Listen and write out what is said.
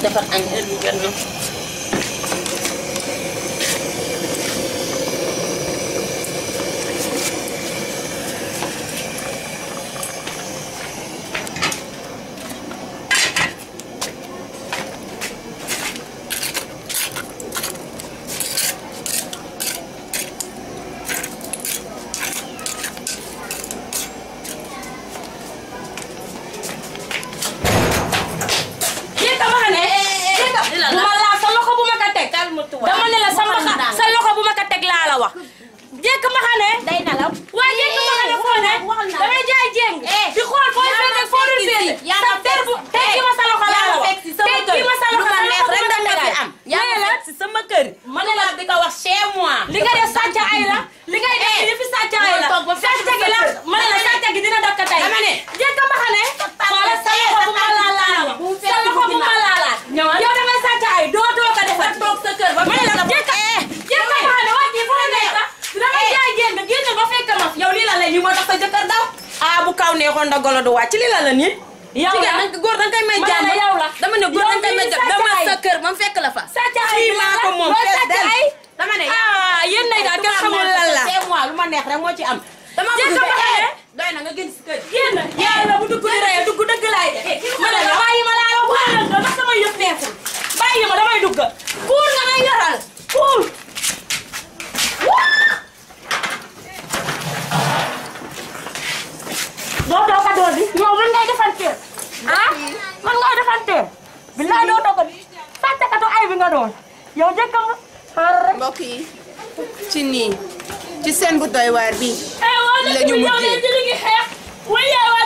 dapat ang iligan, no? dama ne la sa bu ma ko teg laa la wax. jékk mbaxane. day nalaw waaye jékk mbaxane foo ne. damay jaay jéng. Eh. di xool fooy féete foo dul féete. sa ter bu tey ma sa loxo laa la eh. wax. tey ma sa loxo laa la wax rek nga fi am. yaa la si sama kër. ma ne tey lii moo tax sa jëkkër daw ah bu kaw neexoon da golo du wàcc lii la la a yow la góor a koy may jàmm yow la dama ne góor danga koy may jàmm dama sa kër moom fekk la fa fii maa ko moom fekk del dama ne ah yéen nag kenn xamul lan la lu ma neex rek moo ci am dama bëgg doy na nga génn si kër yéen yàlla bu dugg di rey dugg dëgg la nga doon yow jëkk nga xaaral rek mbokk yi ci nii ci seen bu doy waar bi eh, lañu mujjee